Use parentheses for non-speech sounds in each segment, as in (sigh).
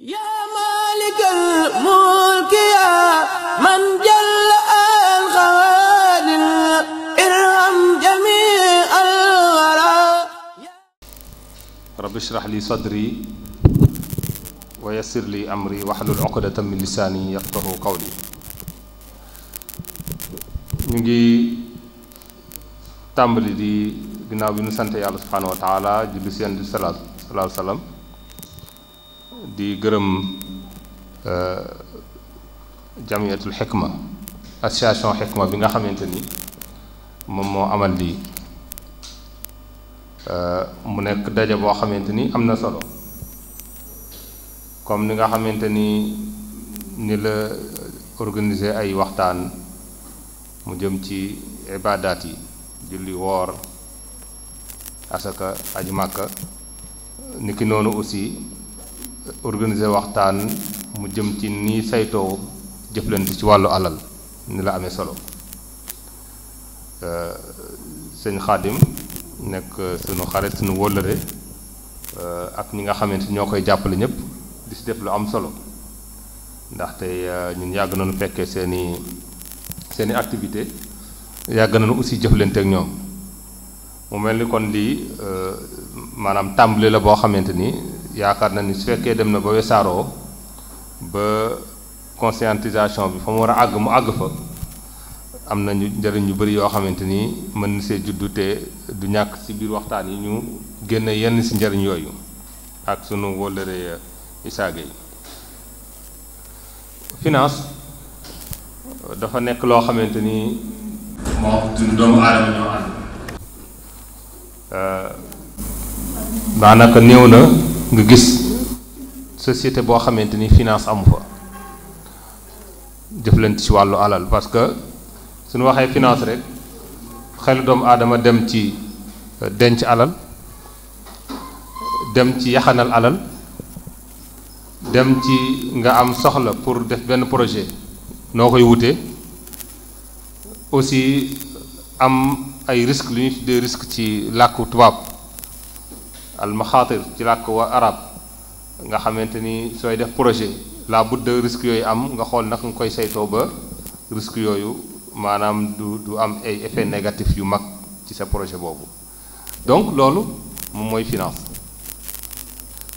yaa maalikal mulki yaa man jalla al xawaadir irham jamii al waraa rabbi ishrah li sadri wa yassir li amri wahlul uqdatan min lisaani yafqahu qawli ñu ngi tàmbali di ginnaaw bi ñu sant yàlla subhaanahu wa taala julli seen di salaatu salaam di gërëm euh, jamiyatul xikma association xikma bi nga xamante ni moom moo amal lii euh, mu nekk daje boo xamante ni am na solo comme ni nga xamante ni ni la organiser ay waxtaan mu jëm ci ibaadaat yi julli woor asaka aji màkka niki noonu aussi organiser waxtaan mu jëm ci ni saytoo jëflante ci wàllu alal ni la amee solo euh, sëñ Xaadim nekk sunu xarit sunu wóllëre euh, ak ñi nga xamante ñoo koy jàppale ñëpp di si def lu am solo ndaxte euh, ñun yàgg nañu fekkee seeni seeni activité yàgg nañu aussi jëflante ak ñoom mu mel ni kon lii maanaam tàmbali la boo xamante ni yaakaar na ni su fekkee dem na ba wesaaroo ba conscientisation bi fa mu war a àgg mu àgg fa am na ñu njëriñ yu bari yoo xamante ni mën na see juddu te du ñàkk ci biir waxtaan yi ñu génn yenn ci njëriñ yooyu ak sunu wóllëre Issa Gueye finance dafa nekk loo xamante ni moo euh, daanaka néew na nga gis société boo xamante ni finance amu fa jëflante ci wàllu alal parce que suñu waxee finance rek xelu doom aadama dem ci euh, denc alal dem ci yaxanal alal dem ci nga am soxla pour def benn projet noo koy wutee aussi am ay risques lu ñuy tuddee risque ci làkku tubaab al maxaatir ci làkk wa arab nga xamante ni sooy def projet la but de risque yooyu am nga xool naka nga koy saytoo ba risque yooyu maanaam du du am ay effet yu mag ci sa projet boobu donc loolu moom mooy finance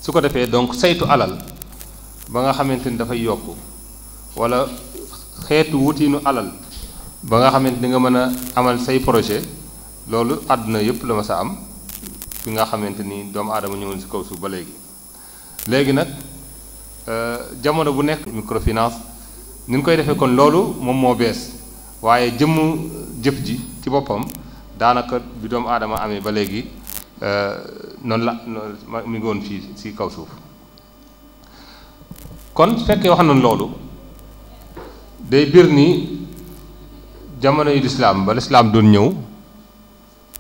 su ko defee donc saytu alal ba nga xamante ni dafay yokk wala xeetu wutiinu alal ba nga xamante ni nga mën a amal say projet loolu àdduna yëpp la ma sa am bi nga xamante ni doomu aadama ñëwoon si kaw suuf ba léegi léegi nag euh, jamono bu nekk microfinance ni ñu koy defee kon loolu moom moo bees waaye jëmm jëf ji ci boppam daanaka bi doomu aadama amee ba léegi euh, noonu la mi ngi woon fii si kaw suuf kon su fekkee wax loolu day biir ni jamono yu lislaam ba lislaam doon ñëw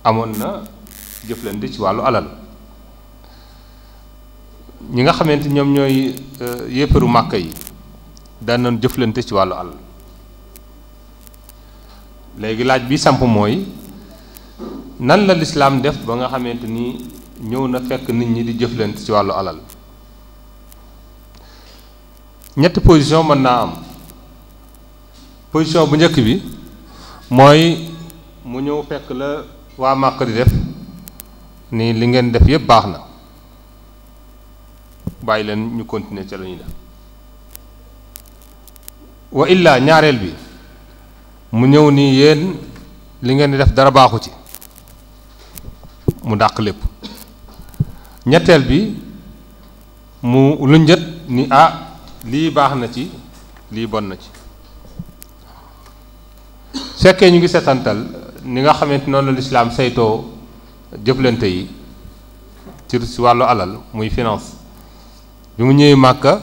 amoon na jëflante ci wàllu alal ñi nga xamante ñoom ñooy euh, yéefaru màkka yi daan nañ jëflante ci wàllu alal léegi laaj bi samp mooy nan la lislaam def ba nga xamante ni ñëw na fekk nit ñi di jëflante ci wàllu alal ñetti position mën naa am position bu njëkk bi mooy mu ñëw fekk la waa màkk di def ni li ngeen def yëpp baax na bàyyi leen ñu continuer ca la ñuy def wa illaa ñaareel bi mu ñëw ni yéen li ngeen di def dara baaxu ci mu dàq lépp ñetteel bi mu lu njët ni ah lii baax na ci lii bon na ci fekkee ñu ngi setantal ni nga xamante noonu la lislaam saytoo jëflante yi ci ci wàllu alal muy finance bi mu ñëwee màkka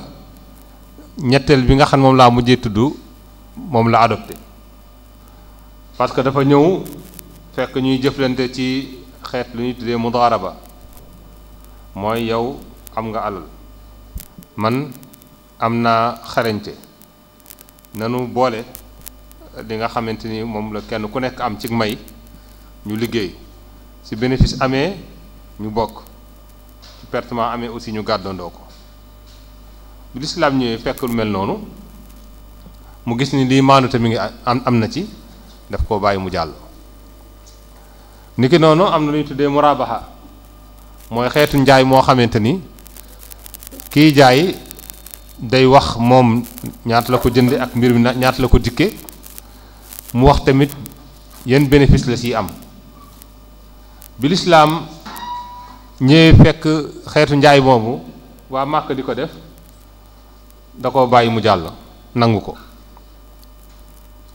ñetteel bi nga xam ne moom laa mujjee tudd moom la adopté parce que dafa ñëw fekk ñuy jëflante ci xeet lu ñuy tuddee ba mooy yow am nga alal man am naa xarañte nanu boole li nga xamante ni moom la kenn ku nekk am ci may ñu liggéey su bénéfice amee ñu bokk su pertement amee aussi ñu gàddandoo ko bu lislaam ñëwee fekk lu mel noonu mu gis ni lii maandu tamit ngi am am na ci daf koo bàyyi mu jàll niki noonu am na lu ñu tuddee murabaha mooy xeetu njaay moo xamante ni kiy jaay day wax moom ñaata la ko jënde ak mbir mi ñaat la ko dikke mu wax tamit yenn bénéfice la ciy am bi lislaam ñëwee fekk xeetu njaay boobu waa màkk di ko def da ko bàyyi mu jàll nangu ko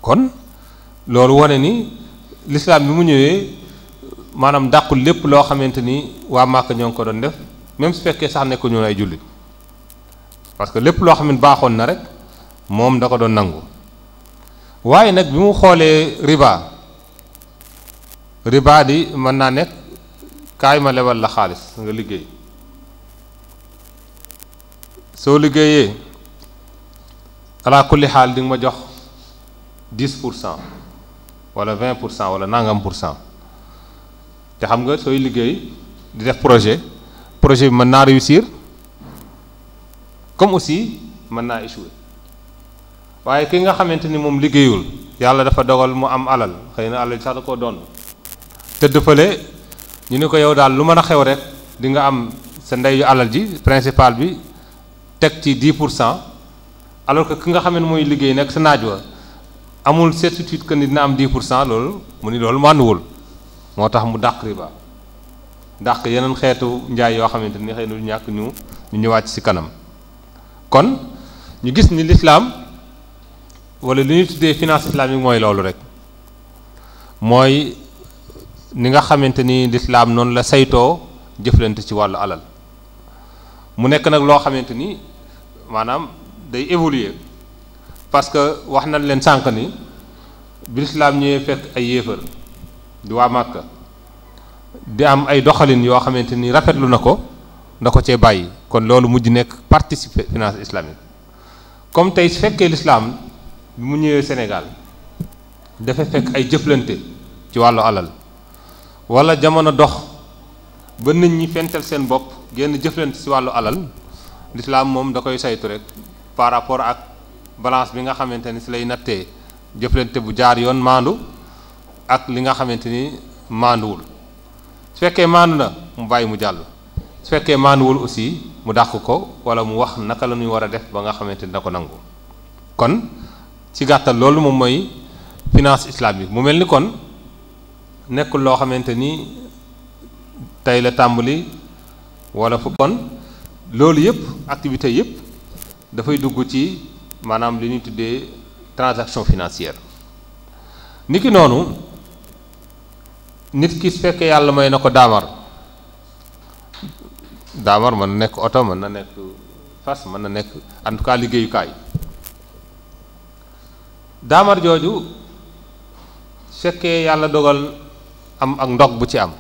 kon loolu wane ni lislaam bi mu ñëwee maanaam dàqul lépp loo xamante ni waa màkk ñoo ngi ko doon def même su fekkee sax nekk ñoon ay jullit parce que lépp loo xam ne baaxoon na rek moom da ko doon nangu waaye nag bi mu xoolee riba riba di mën naa nekk kaay ma lebal la xaalis nga liggéey soo liggéeyee alaa kulli xaal di nga ma jox dix pour cent wala vingt pour cent wala nangam pour cent te xam nga sooy liggéey di def projet projet bi mën naa réussir comme aussi mën naa échouer waaye ki nga xamante ni moom liggéeyul yàlla dafa dogal mu am alal xëy na alal sax da koo doon tëdd fale ñu ni ko yow daal lu mën a xew rek di nga am sa ndeyu alal ji principal bi teg ci 10 pour cent alors que ki nga xam ne mooy liggéey nekk sa naaj wa amul certitude que ni dina am 10 pour cent loolu mu ni loolu mànduwul moo tax mu dàq riba dàq yeneen xeetu njaay yoo xamante ni xëy na du ñàkk ñu ñu wàcc ci kanam kon ñu gis ni l'islam wala li ñuy tuddee finance islamique mooy loolu rek mooy ni nga xamante ni lislaam noonu la saytoo jëflante ci wàllu alal mu nekk nag loo xamante ni maanaam day évoluer parce que wax nañ leen sànq ni bi lislaam ñëwee fekk ay yéefar di waa di am ay doxalin yoo xamante ni rafetlu na ko nda ko cee bàyyi kon loolu mujj nekk participe finance islamique comme tey su fekkee lislaam bi mu ñëwee Sénégal dafa fekk ay jëflante ci wàllu alal wala jamono dox ba nit ñi fental seen bopp génn jëflante si wàllu alal lislaam moom da koy saytu rek par rapport ak balance bi nga xamante ni si lay nattee jëflante bu jaar yoon maandu ak li nga xamante ni maanduwul su fekkee maandu na mu bàyyi mu jàll su fekkee maanduwul aussi mu dàq ko wala mu wax naka la ñuy war a def ba nga xamante ni da ko nangu kon ci gàttal loolu moom mooy finance islamique mu mel ni kon nekkul loo xamante ni tey la tàmbali wala fu kon loolu yëpp activité yëpp dafay dugg ci maanaam li ñuy tuddee transaction financière ki noonu nit ki su fekkee yàlla mooy na ko daamar daamar mën na nekk oto mën na nekk fas mën na nekk en tout cas liggéeyukaay daamar jooju fekkee yàlla dogal am ak ndog bu ci am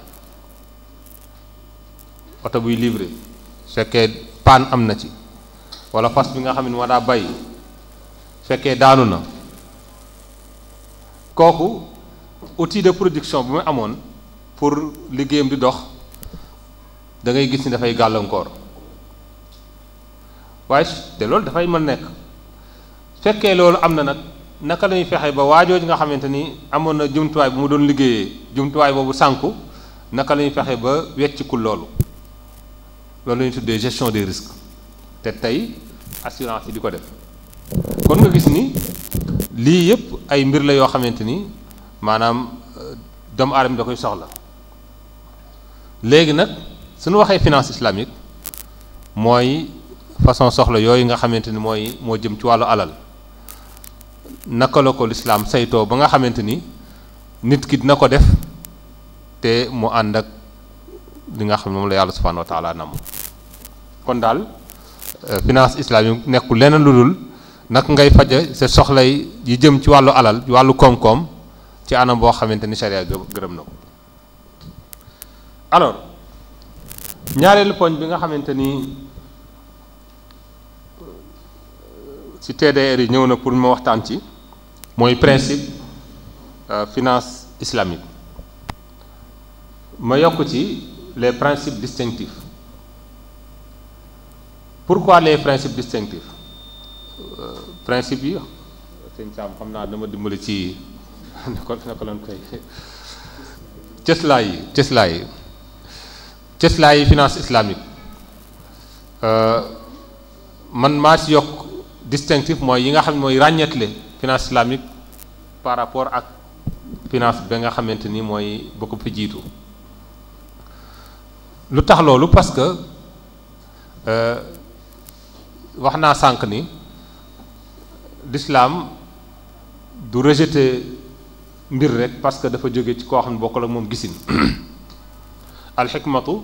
oto buy livré fekkee paan am na ci wala fas bi nga xam ne moo daa bay fekkee daanu na kooku outil production bi muy amoon pour liggéeyam di dox da gis ni dafay gàllankoor waaye te loolu dafay mën nekk fekkee loolu am na nag naka lañuy fexe ba waajooj nga xamante ni amoon na jumtuwaay bu mu doon liggéeyee jumtuwaay boobu sànku naka la ñuy fexe ba weccikul loolu loolu la ñuy tuddee gestion des risques te tey assurance yi di ko def kon nga gis ni lii yëpp ay mbir la yoo xamante ni maanaam euh, doomu aadama da koy soxla léegi nag suñu waxee finance islamique mooy façon soxla yooyu nga xamante ni mooy moo jëm ci wàllu alal naka la ko lislaam saytoo ba nga xamante ni nit ki dina ko def te mu ànd ak li nga xam ne moom la yàlla subhanahu wa taala namm kon daal euh, finance islamique nekkul leneen lu dul naka ngay faje sa soxlay yi jëm ci wàllu alal wàllu koom-koom ci anam boo xamante ni sharia gërëm na ko alors ñaareelu poñ bi nga xamante ni ci TDR yi ñëw na pour ma waxtaan ci mooy principe euh, finance islamique ma yokk ci les principes distinctifs pourquoi les principes distinctifs euh, principe yi sëñ Saam xam naa dama dimbali ci (laughs) naka naka lañ koy (laughs) cëslaa yi cëslaa yi cëslaa yi finance islamique euh, man maa ci yokk distinctif mooy yi nga xam ne mooy ràññetle finance islamique par rapport ak finance ba nga xamante ni mooy ba ko fi jiitu lu tax loolu parce que euh, wax naa sànq ni l'islam du rejeter mbir rek parce que dafa jóge ci koo xam ne bokkul ak moom gisin (coughs) alxikmatu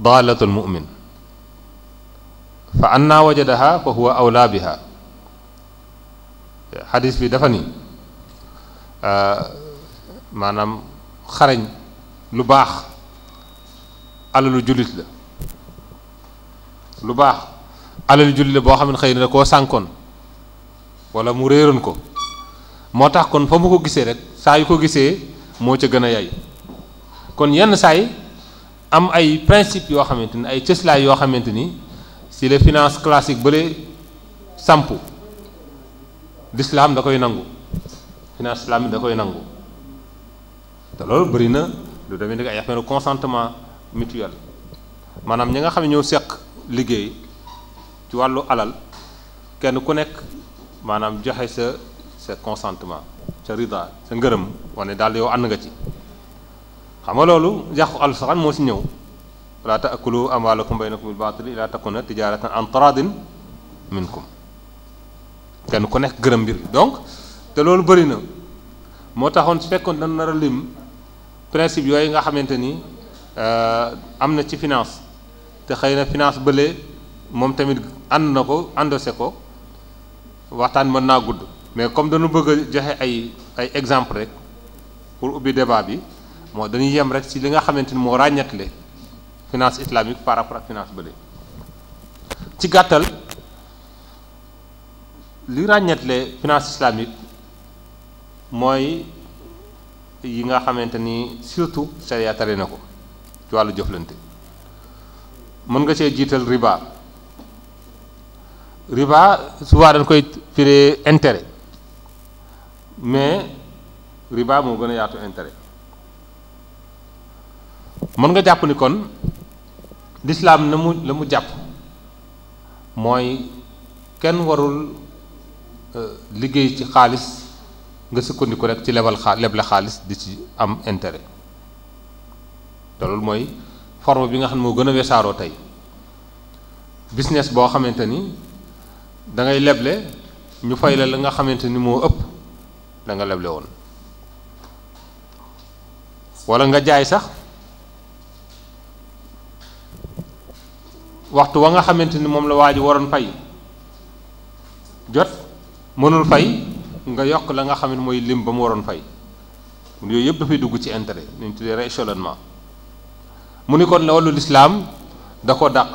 daalatul mu'min fa waja wajadaha fa huwa awlaa biha xadis bi dafa ni euh, maanaam xarañ lu baax alalu jullit la lu baax alalu jullit la boo xam ne xëy na koo sànkoon wala mu réeroon ko moo tax kon fa mu ko gisee rek saa yu ko gisee moo ca gën a yay kon yenn saay am ay principe yoo xamante ni ay cëslaay yoo xamante ni si les finances classiques bële sampu l'islam da koy nangu finance islamique da koy nangu te loolu bëri na lu demee ni ay affaire consentement mutuel maanaam ñi nga xam ne ñoo seq liggéey ci wàllu alal kenn ku nekk maanaam joxe sa sa consentement sa rida sa ngërëm wane daal yow ànd nga ci xam nga loolu yàqu alsaxan moo si ñëw wala taakulu amwaalakum baynakum bil baatili ila takuna tijaratan an taradin minkum kenn ku nekk gërëm mbir donc te loolu bëri na moo taxoon su fekkoon dañ nar a lim principe yooyu nga xamante ni euh, am na ci finance te xëy na finance bële moom tamit ànd na ko àndose ko waxtaan mën naa gudd mais comme dañu bëgg a joxe ay ay exemple rek pour ubbi débat bi moo dañuy yem rek ci li nga xamante ni moo ràññatle finance islamique par rapport ak finance bële ci gàttal li ràññetle finance islamique mooy yi nga xamante ni surtout sharia na ko ci wàllu jëflante mën nga see jiital riba riba souvent dañ koy firee intérêt mais riba moo gën a yaatu intérêt mën nga jàpp ni kon lislaam na mu la mu jàpp mooy kenn warul euh, liggéey ci xaalis nga sukkandiku rek ci lebal xaa leble xaalis di ci am intérêt loolu mooy forme bi nga xam ne moo gën a wesaaroo tey business boo xamante ni da leble ñu fay la la nga xamante ni moo ëpp da nga leble woon walla nga jaay sax waxtu wa nga xamante ni moom la waa ji waroon fay jot mënul fay nga yokk la nga xam mooy lim ba mu waroon fay yooyu yëpp dafay dugg ci intérêt li ñu tuddee rééchelonnement mu ni kon la loolu lislaam da ko dàq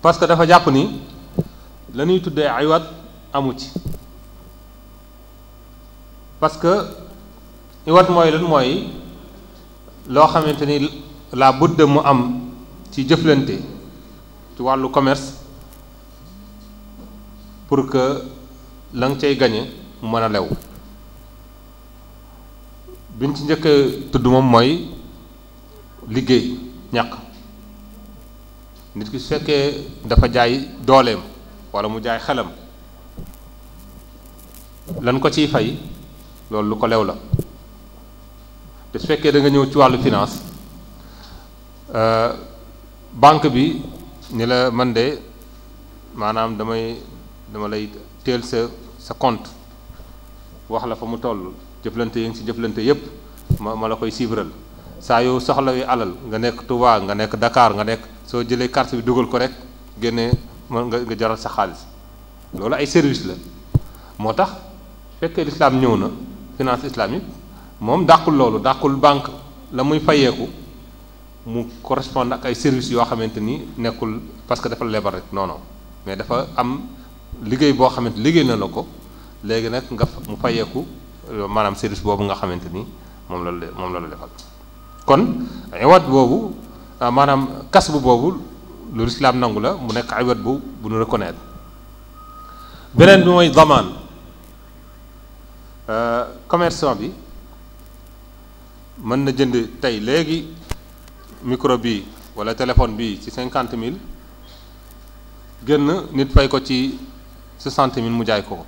parce que dafa jàpp ni la ñuy tuddee aywaat amu ci parce que aywaat mooy lan mooy loo xamante ni la budde mu am ci jëflante ci wàllu commerce pour que la nga cay gañe mu mën a lew biñ ci njëkk a tudd moom mooy liggéey ñàkk nit ki su fekkee dafa jaay dooleem walla mu jaay xelam lan ko ciy fay loolu lu ko lew la te su fekkee da nga ñëw ci wàllu finance. Euh, banque bi ni la man de maanaam damay dama lay teel sa sa compte wax la fa mu toll jëflante yi ngi si jëflante yépp ma ma la koy siibral saa yow soxla wi alal nga nekk Touba nga nekk Dakar nga nekk soo jëlee carte bi dugal ko rek génne mën nga nga jaral sa xaalis loolu ay service la moo tax fekkee lislaam ñëw na finance islamique moom dàqul loolu dàqul bànk la muy payeeku mu correspondre ak ay services yoo xamante ni nekkul parce que dafa lebal rek non mais dafa am liggéey boo xamante liggéey na la ko léegi nag nga mu fayeeku euh, maanaam service boobu nga xamante ni moom la moom la la defal kon iwat boobu euh, maanaam kas bu boobu lu lislaam nangu la mu nekk iwat bu bu nu reconnaître beneen bi mooy damaan euh, commerçant bi mën na jënd tey léegi micro bi wala téléphone bi ci cinquante mille génn nit fay ko ci soixante mille mu jaay ko ko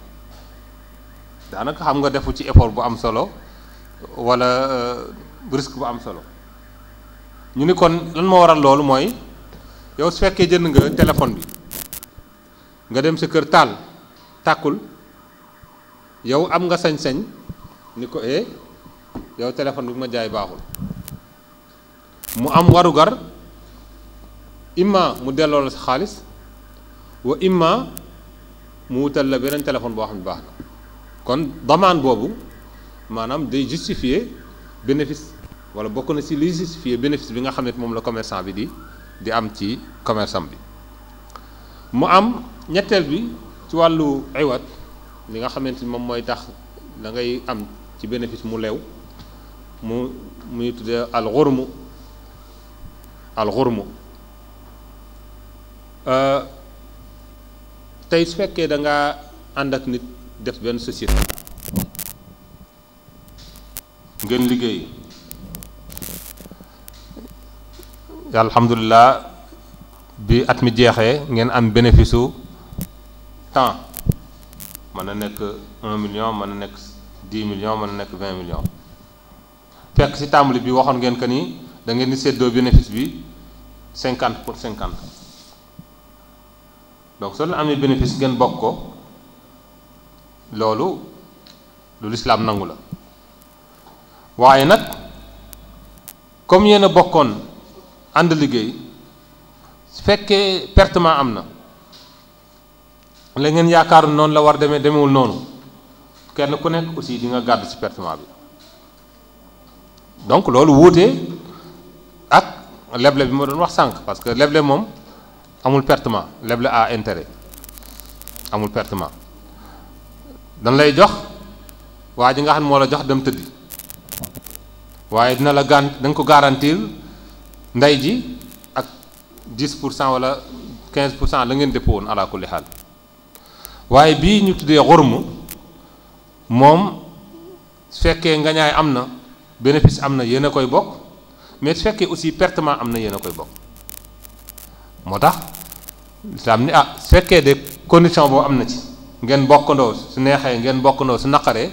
daanaka xam nga defu ci effort bu am solo wala euh, risque bu am solo ñu ni kon lan moo waral loolu mooy yow su fekkee jënd nga téléphone bi nga dem sa kër taal takkul yow am nga sañ-sañ ni ko eh yow téléphone bi ma jaay baaxul mu am warugar imma mu delloo la sa xaalis wa imma mu wutal la beneen téléphone boo xam ne baax na kon damaan boobu maanaam day justifier bénéfice wala bokk na si liy justifier bénéfice bi nga xam ne moom la commerçant bi di di am ci commerce bi mu am ñetteel bi ci wàllu iwat li nga xamante ni moom mooy tax dangay am ci bénéfice mu leew mu muy tuddee al xurmu alxurmu euh, tey su fekkee da ngaa ànd ak nit def benn société ngeen liggéey alhamdulilah bi at mi jeexee ngeen am bénéfice u temps mën a nekk un million mën na nekk dix million mën na nekk vingt million fekk ci tàmbali bi waxoon ngeen que ni da ngeen di séddoo bénéfice bi cinquante pour cinquante donc soo leen amee bénéfice ngeen bokk ko loolu lu lislaam nangu la waaye nag comme yéen a bokkoon ànd liggéey su fekkee pertement am na la ngeen yaakaar noonu la war demee demewul noonu kenn ku nekk aussi di nga gàddu ci pertement bi donc loolu wuute. ak leble bi ma doon wax sànq parce que leble moom amul pertement leble à intérêt amul pertement dañ lay jox waa ji nga xam ne moo la jox dem tëddi waaye dina la gan danga ko garantir ndey ji ak 10 pour cent wala quinze pour cent la ngeen déppoo woon ala kulli xaal waaye bii ñu tuddee xormu moom su fekkee ngañaay am na bénéfice am na yéen a koy bokk mais su fekkee aussi pertement am na yéen a koy bokk moo tax lislaam ni ah su fekkee de condition boo am na ci ngeen bokkandoo su neexee ngeen bokkandoo su naqaree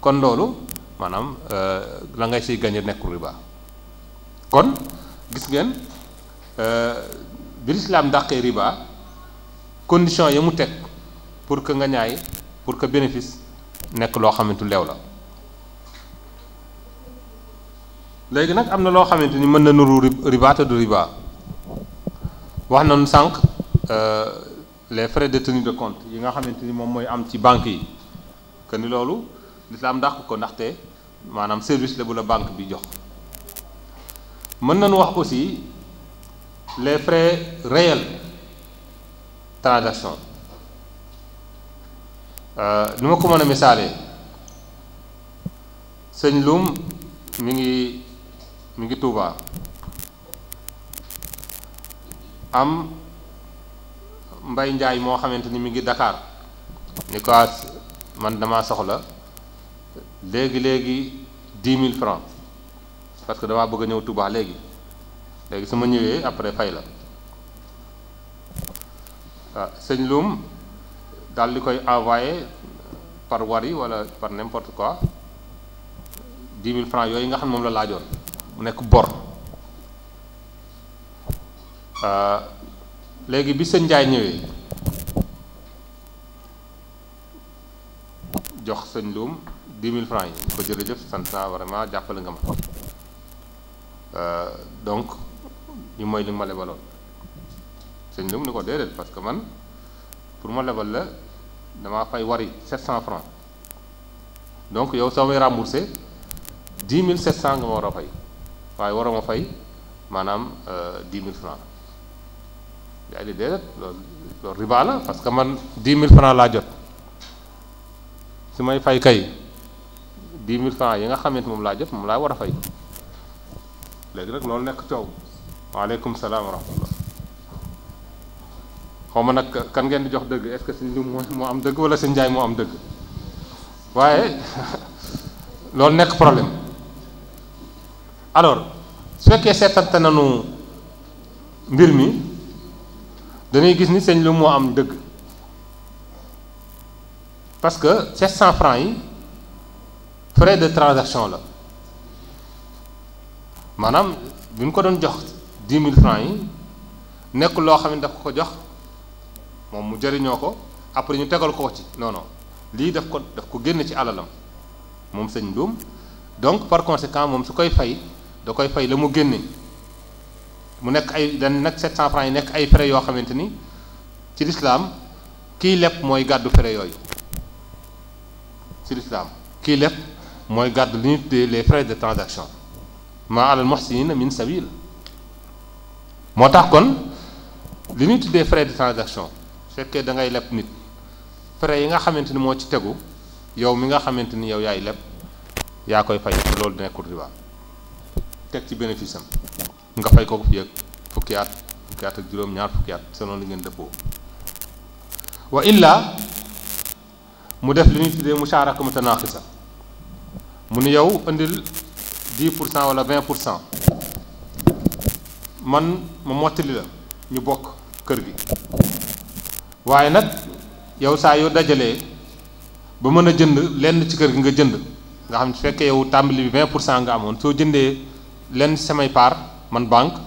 kon loolu maanaam euh, la ngay si gañe nekkul riba kon gis ngeen euh, bi lislaam dàqee riba condition ya mu teg pour que nga ñaay pour que bénéfice nekk loo xamantu leew la léegi nag am na loo xamante ni mën na nuru riba te du riba wax nañu sànq euh, les frais de tenue de compte yi nga xamante ni moom mooy am ci banque yi que ni loolu am dàq ko ndaxte maanaam service la bu la banque bi jox mën nañu wax aussi les frais réels transaction euh, ni ma ko mën a misaalee sëñ Loum mi ngi. mu ngi Touba am Mbay Njaay moo xamante ni mi ngi dakaar ni ko man dama soxla léegi léegi dix mille francs parce que damaa bëgg a ñëw Touba léegi léegi su ma ñëwee après fay la waaw ah, sëñ Loum daal di koy envoyé par Wari wala par n'importe quoi dix mille francs yooyu nga xam moom la laajoon. mu nekk bor euh, léegi bi sëñ Njaay ñëwee jox sëñ Loum dix mille francs yi ñu ko jërëjëf sant naa vraiment jàppale nga ma euh, donc ñu moy li ma lebaloon sëñ Loum ni ko déedéet parce que man pour ma lebal la damaa fay wari sept cent francs donc yow soo may remboursé dix mille sept cent nga ma war a fay waaye waroo ma fay maanaam 10 euh, 000 francs yaa ngi déedéet loolu loolu riba la parce que man 10 000 francs laa jot su may fay kay 10 000 francs yi nga xamante moom laa jot moom laa war a fay léegi nag loolu nekk coow waaleykum salaam wa rahmatullah ma nag kan ngeen di jox dëgg est-ce Njuum moo am dëgg wala Sëñ Njaay moo am dëgg waaye (laughs) loolu nekk problème alors su fekkee seetante nañu mbir mi danay gis ni sëñ lu moo am dëgg parce que 700 francs yi frais de transaction la maanaam bi ñu ko doon jox 10 mille francs yi nekk loo xam ne daf ko ko jox moom mu jëriñoo ko après ñu tegal ko ci non lii daf ko daf ko génn ci alalam moom sëñ Ndoum donc par conséquent moom su koy fay. da koy fay la mu génne mu nekk ay dan nag 700 francs yi nekk ay frais yoo xamante ni ci lislaam kii lépp mooy gàddu frais yooyu ci lislaam kii lépp mooy gàddu li ñuy tuddee les frais de transaction maa alal muhsinina min sabil moo tax kon li ñuy tuddee frais de transaction su fekkee da ngay leb nit frais yi nga xamante ni moo ci tegu yow mi nga xamante ni yow yaay leb yaa koy fay loolu nekkul riba teg ci bénéfice nga fay ko fi ak fukki at fukki at ak juróom ñaar fukki at selon li ngeen dëppoo wa illa mu def li ñuy tuddee musharaka mutanaqisa mu ni yow indil 10 pour cent wala 20 pour cent man ma mottali la ñu bokk kër gi waaye nag yow saa yoo dajalee ba mën a jënd lenn ci kër gi nga jënd nga xam ne su fekkee yow tàmbali bi 20 pour cent nga amoon soo jëndee lenn samay part man banque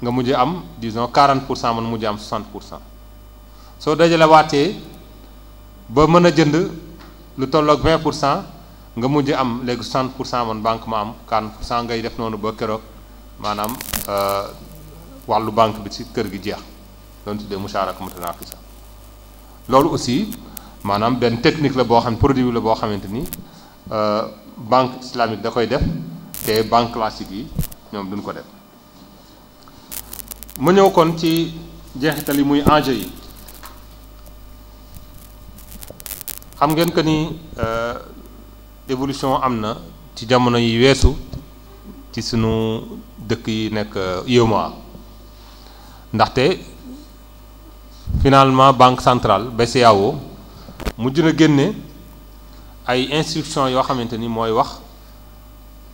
nga mujj am disons quarante pour cent man mujj am 60 pour cent soo dajalee waatee ba mën a jënd lu tolloog 20 pour cent nga mujj am léegi 60 pour cent man banque ma am 40 pour cent ngay def noonu ba keroog maanaam euh, wàllu banque bi ci kër gi jeex loolu tuddee musharaka mutanafisa loolu aussi maanaam benn technique la boo xam ne produit la boo xamante ni euh, banque islamique da koy def te banque classique yi ñoom duñ ko def mu ñëw kon ci jeexital yi muy enjeu yi xam ngeen que ni euh, évolution am na ci jamono yi weesu ci sunu dëkk yi nekk UEMOA euh, ndaxte finalement banque centrale BCEAO mujj na génne ay instructions yoo xamante ni mooy wax.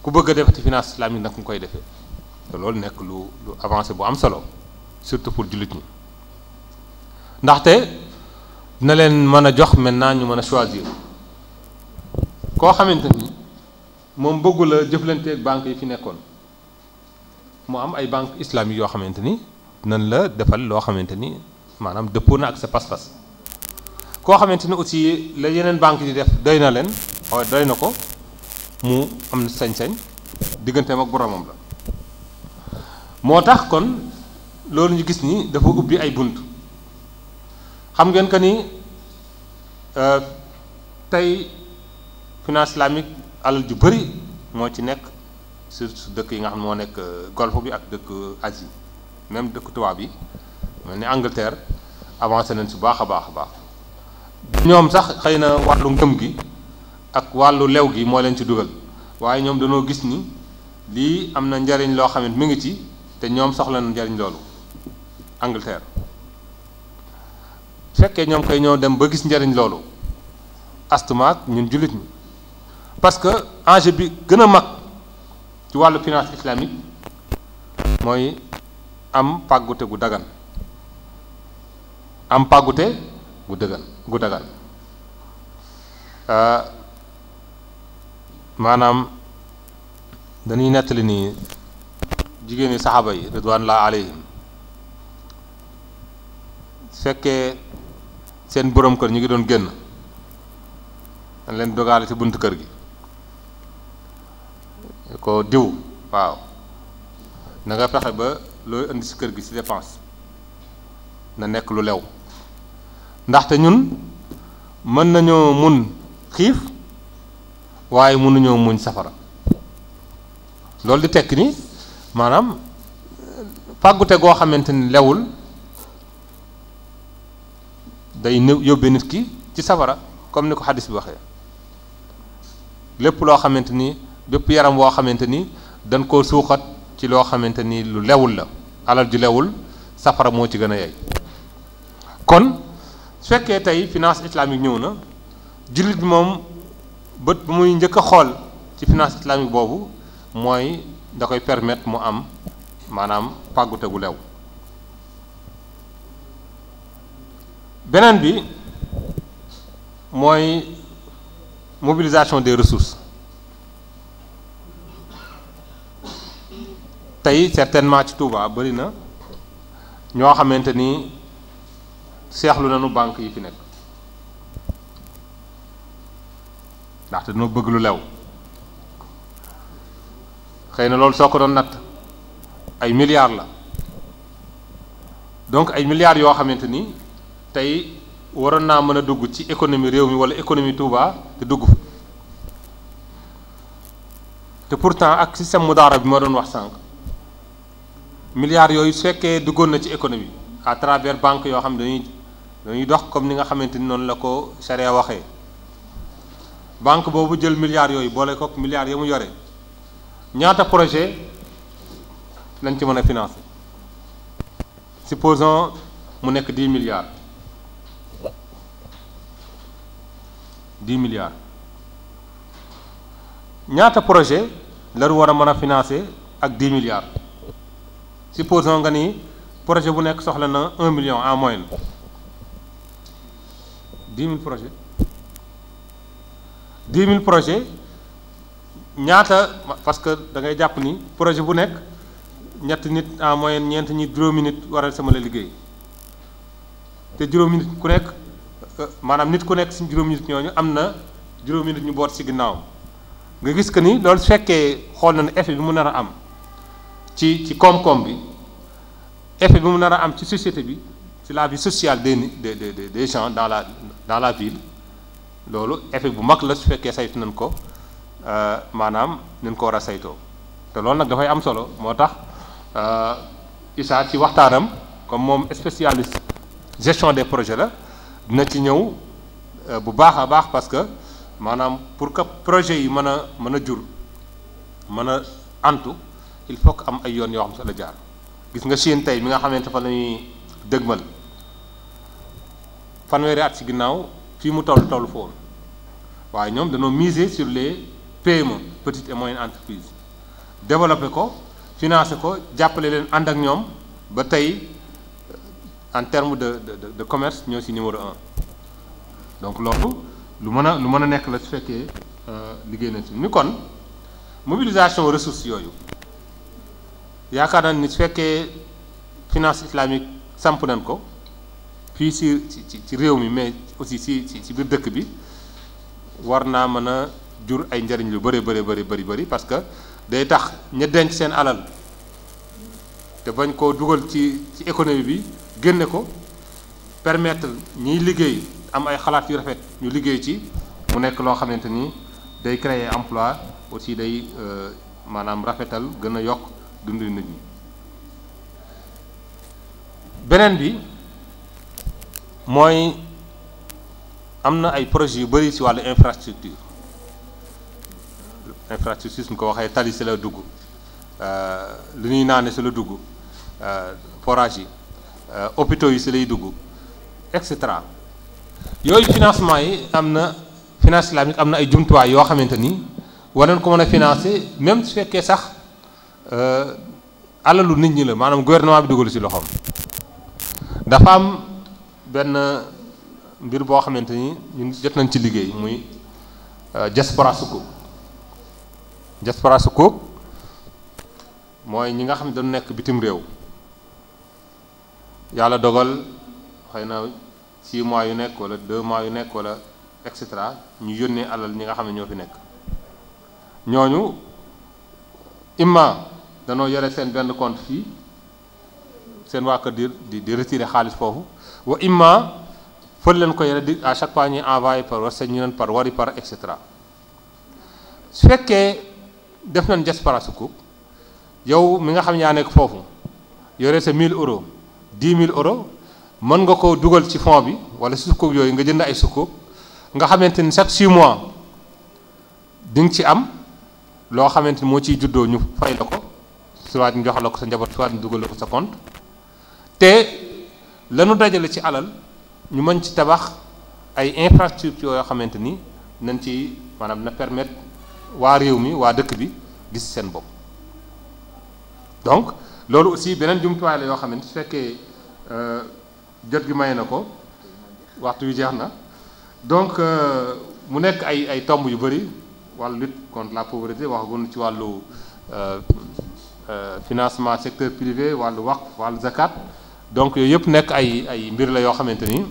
ku bëgg a defati finance islamique nag nga koy defee te loolu nekk lu lu avancé bu am solo surtout pour jullit ñi ndaxte na leen mën a jox maintenant ñu mën a choisir koo xamante ni moom bëggu la jëflanteeg banque yi fi nekkoon mu am ay banque islamique yoo xamante ni nan la defal loo xamante ni maanaam dëppoon na ak sa pas-pas koo xamante ni aussi la yeneen banque yi def doy na leen waaye doy na ko mu am sañ-sañ digganteem ak boroomam la moo tax kon loolu ñu gis ni dafa ubbi ay bunt xam ngeen que ni euh, tey finance islamique alal ju bëri moo ci nekk surtout dëkk yi nga xam moo nekk euh, golfe bi ak dëkk Asie même dëkk tubaab bi mel ni Angleterre avancé nañ su baax a baax a baax ñoom sax xëy na wàllu ngëm gi ak wàllu lew gi moo leen ci dugal waaye ñoom dañoo gis ni lii am na njariñ loo xam ne mi ngi ci te ñoom soxla na njariñ loolu Angleterre fekkee ñoom koy ñoo dem ba gis njariñ loolu astumaak ñun jullit ñi parce que enjeu bi gën a mag ci wàllu finance islamique mooy am pàggute gu dagan am pàggute gu dëgan gu dagan euh, maanaam dañuy nettali nii jigéeni saxaaba yi la alayhim fekkee seen borom kër ñu ngi doon génn dañ leen dogale ci buntu kër gi ko diw waaw danga nga fexe ba looy indi ci kër gi ci dépense na nekk lu lew ndaxte ñun mën nañoo mun xiif waaye mënuñoo muñ safara loolu di tekk ni maanaam pàggute goo xamante ni lewul day nëw yóbbe nit ki ci safara comme ni ko xadis bi waxee lépp loo xamante ni bépp yaram woo xamante ni dañ koo suuxat ci loo xamante ni lu lewul la alal ju lewul safara moo ci gën a yey kon su tey finance islamique ñëw na jullit moom bët bu muy njëkk a xool ci finance islamique boobu mooy da koy permettre mu am maanaam pàggute gu lew beneen bi mooy mobilisation des ressources tey certainement ci Touba bëri na ñoo xamante ni seexlu nañu banque yi fi nekk ndaxte dañoo bëgg lu lew xëy na loolu soo ko doon natt ay milliards la donc ay milliards yoo xamante ni tey waroon naa mën a dugg ci économie réew mi wala économie Touba te dugg fa te pourtant ak système mudaara bi ma doon wax sànq milliards yooyu su fekkee duggoon na ci économie à travers banque yoo xam dañuy dañuy dox comme ni nga xamante ni noonu la ko charia waxee. banque boobu jël milliards yooyu boole kook milliards ya mu yore ñaata projet lañ ci mën a financer supposons mu nekk 10 milliards 10 milliards ñaata projet lañu war a mën a financer ak 10 milliards supposons nga ni projet bu nekk soxla na un million en moyenne 10 000 projets. dix mille projet ñaata parce que da ngay jàpp ni projet bu nekk ñett nit en moyenne ñeent nit juróomi nit waral sama la liggéey te juróomi nit ku nekk euh, maanaam nit ku nekk si juróomi nit ñooñu am na juróomi nit ñu boot si ginnaaw nga gis que ni loolu fekkee xool na ne effet bi mu nar a am ci ci koom-koom bi effet bi mu nar a am ci société bi ci la vie sociale des des des gens dans la dans la ville. loolu effet bu mag la su fekkee saytu nañ ko euh, maanaam nañ ko war a saytoo te loolu nag dafay am solo moo tax euh, Issa ci waxtaanam comme moom spécialiste gestion des projets la dina ci ñëw euh, bu baax a baax parce que maanaam pour que projet yi mën a mën a jur mën a antu il faut que am ay yoon yoo xam sa la jaar gis nga Chine tey mi nga xamante fa la ñuy dëgmal fanweeri at ci ginnaaw fii mu toll toll foofu waaye ñoom dañoo miser sur les PME petites et moyennes entreprise développé ko financé ko jàppale leen ànd ak ñoom ba tey euh, en terme de de de commerce ñoo ci numéro un donc loolu lu mën a lu mën a nekk la su fekkee euh, liggéey nañ ci ni kon mobilisation ressources yooyu yaakaar naa ni su fekkee finance islamique samp nañ ko fii ci ci ci réew mi mais aussi ci ci ci biir dëkk bi. war naa mën a jur ay njariñ lu bëri bëri bëri bari bëri parce que day tax ña denc seen alal te bañ koo dugal ci ci économie bi génne ko permettre ñiy liggéey am ay xalaat yu rafet ñu liggéey ci mu nekk loo xamante ni day créer emplois aussi day euh, maanaam rafetal gën a yokk dundu nit ñi beneen bi mooy am na ay projet yu bëri si wàllu infrastructure infrastructure suñ ko waxee tali si la dugg euh, lu ñuy naane si la dugg euh, forage yi euh, hôpitaux yi si lay dugg et cetera yooyu financement yi am na finance islamique am na ay jumtuwaay yoo xamante ni war nañ ko mën a financer même su fekkee sax alalu nit ñi la maanaam gouvernement bi dugalu si loxoom dafa am benn. mbir boo xamante ni ñu ngi jot nañ ci liggéey muy euh, diaspora Sukuk diaspora Sukuk mooy ñi nga xam ne dañu nekk bitim réew yàlla dogal xëy na 6 mois yu nekk wala 2 mois yu nekk wala et cetera ñu yónnee alal ñi nga xam ne ñoo fi nekk ñooñu imma danoo yore seen benn compte fii seen waa kër di di retirer xaalis foofu wa imma fël leen ko yore di à chaque fois ñuy envoyé par Western Union par Waripax et cetera su fekkee def nañ diaspora sukuk yow mi nga xam yaa nekk foofu yore sa mille euros 10 mille euro mën nga ko dugal ci fond bi wala si sukuk yooyu nga jënd ay sukuk nga xamante ni chaque si mois di ci am loo xamante ni moo ciy juddoo ñu fay la ko soit ñu jox la ko sa njaboot soit ñu dugal la ko sa compte te lanu dajale ci alal. ñu mañ ci tabax ay infrastructure yoo xamante ni nañ ci maanaam na permettre waa réew mi waa dëkk bi gis seen bopp donc loolu aussi beneen jumtuwaay la yoo xamante su fekkee euh, jot gi may na ko waxtu yu jeex na donc euh, mu nekk ay ay tomb yu bëri wàllu lutte contre la pauvreté waxagun ci wàllu euh, financement secteur privé wàllu wax wàllu zakat donc yooyu yëpp nekk ay ay mbir la yoo xamante ni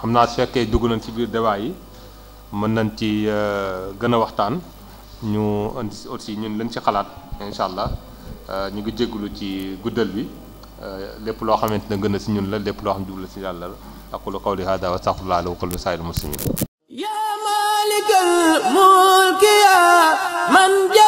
xam naa su fekkee dugg nañ ci biir débat yi mën nañ ci euh, gën a waxtaan ñu indi aussi ñun lañ ci xalaat incha allah euh, ñu ngi jégalu ci guddal bi euh, lépp loo xamante ne gën a si ñun la lépp loo xam jublu si yàlla la aqulu qawli hada wa astaghfirullah li wa qul saa'il muslimin ya malikal mulki ya